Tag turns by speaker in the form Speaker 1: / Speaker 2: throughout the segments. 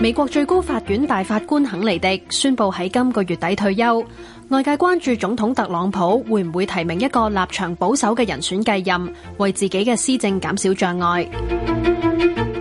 Speaker 1: 美國最高法院大法官肯尼迪宣佈喺今個月底退休，外界關注總統特朗普會唔會提名一個立場保守嘅人選繼任，為自己嘅施政減少障礙。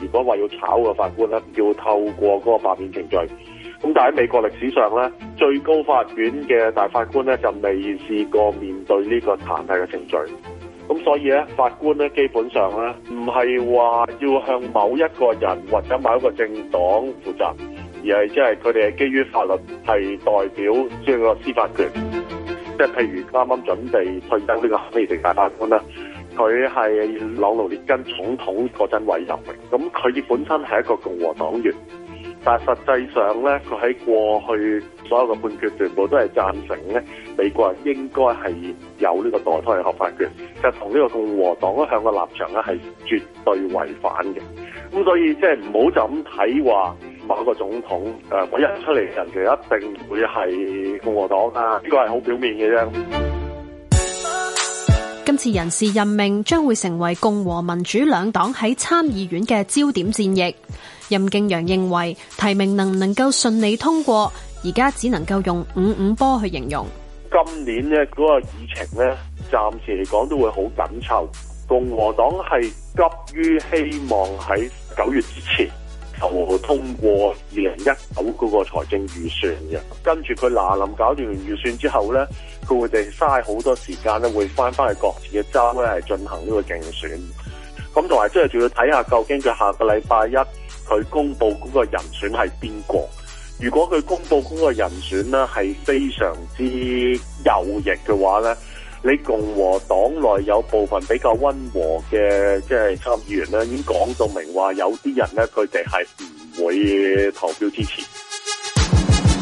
Speaker 2: 如果話要炒個法官咧，要透過嗰個罷免程序。咁但喺美國歷史上咧，最高法院嘅大法官咧就未試過面對呢個彈劾嘅程序。咁所以咧，法官咧基本上咧，唔係話要向某一個人或者某一個政黨負責，而係即係佢哋係基於法律係代表即係個司法權。即係譬如啱啱準備退登呢個哈米大法官啦。佢係朗奴列根總統嗰陣委任，咁佢本身係一個共和黨員，但實際上咧，佢喺過去所有嘅判決全部都係贊成咧，美國人應該係有呢個墮胎嘅合法權，其實同呢個共和黨一向嘅立場咧係絕對違反嘅。咁所以即係唔好就咁睇話，某個總統誒，我、啊、一出嚟人其實一定會係共和黨啊，呢個係好表面嘅啫。
Speaker 1: 今次人事任命將會成為共和民主兩黨喺參議院嘅焦點戰役。任敬揚認為提名能唔能夠順利通過，而家只能夠用五五波去形容。
Speaker 2: 今年呢嗰個議程咧，暫時嚟講都會好緊湊。共和黨係急於希望喺九月之前，就通過二零一九嗰個財政預算嘅，跟住佢嗱臨搞掂完預算之後咧，佢會哋嘥好多時間咧，會翻翻去各自嘅州咧，係進行呢個競選。咁同埋即係仲要睇下究竟佢下個禮拜一佢公布嗰個人選係邊個？如果佢公布嗰個人選咧係非常之有益嘅話咧。你共和黨內有部分比較温和嘅即係參議員咧，已經講到明話，有啲人咧佢哋係唔會投票支持。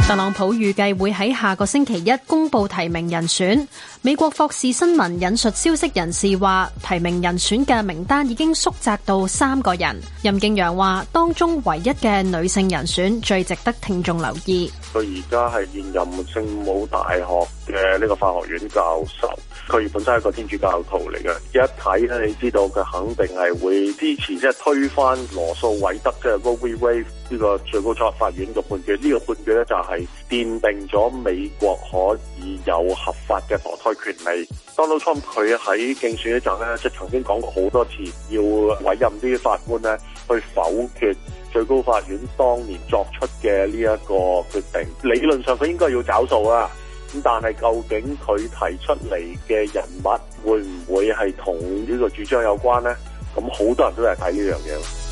Speaker 1: 特朗普預計會喺下個星期一公布提名人選。美國《霍士》新聞引述消息人士話，提名人選嘅名單已經縮窄到三個人。任敬揚話，當中唯一嘅女性人選最值得聽眾留意。
Speaker 2: 佢而家係現任聖母大學。嘅呢個法學院教授，佢本身係一個天主教徒嚟嘅，一睇咧你知道佢肯定係會支持推羅德，即係推翻羅素韋德嘅 Roe v Wade 呢個最高法院嘅判決。呢、這個判決咧就係奠定咗美國可以有合法嘅墮胎權利。Donald Trump 佢喺競選嗰陣咧，即係曾經講過好多次，要委任啲法官咧去否決最高法院當年作出嘅呢一個決定。理論上佢應該要找數啊！咁但係究竟佢提出嚟嘅人物，會唔會係同呢個主張有關呢？咁好多人都係睇呢樣嘢。